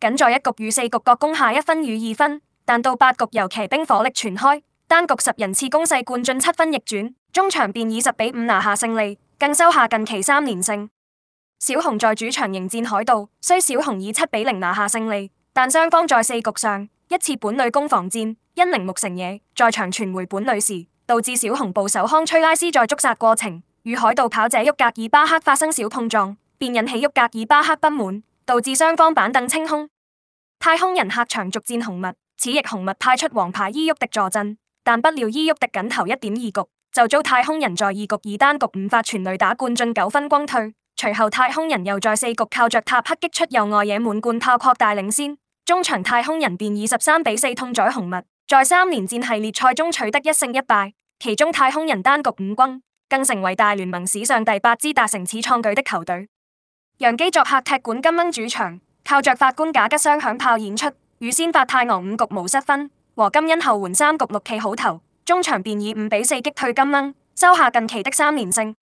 僅在一局與四局各攻下一分與二分，但到八局由騎兵火力全開，單局十人次攻勢灌進七分逆轉，終場便以十比五拿下勝利，更收下近期三連勝。小熊在主場迎戰海盜，雖小熊以七比零拿下勝利，但雙方在四局上一次本壘攻防戰，因鈴木成野在場傳回本壘時，導致小熊捕手康崔拉斯在捉殺過程與海盜跑者沃格爾巴克發生小碰撞，便引起沃格爾巴克不滿，導致雙方板凳清空。太空人客場續戰紅襪，此役紅襪派出王牌伊沃迪助陣，但不料伊沃迪僅投一點二局，就遭太空人在二局以單局五發全壘打灌進九分轟退。隨後太空人又在四局靠着塔克擊出右外野滿貫炮擴大領先，終場太空人便以十三比四痛宰紅襪，在三連戰系列賽中取得一勝一敗，其中太空人單局五轟，更成為大聯盟史上第八支達成此創舉的球隊。洋基作客踢館金鶯主場。靠着法官賈吉雙響炮演出，與先發泰昂五局無失分，和金恩後援三局六企好投，終場便以五比四擊退金恩，收下近期的三連勝。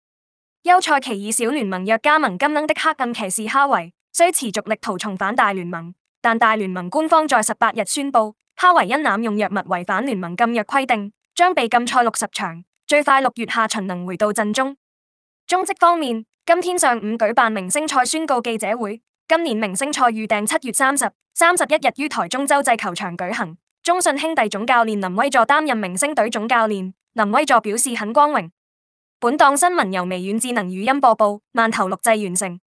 休賽期以小聯盟約加盟金恩的黑暗騎士哈維，雖持續力圖重返大聯盟，但大聯盟官方在十八日宣布，哈維因濫用藥物違反聯盟禁藥規定，將被禁賽六十場，最快六月下旬能回到陣中。中職方面，今天上午舉辦明星賽，宣告記者會。今年明星賽預定七月三十、三十一日於台中洲際球場舉行。中信兄弟總教練林威助擔任明星隊總教練。林威助表示很光榮。本檔新聞由微軟智能語音播報，慢頭錄製完成。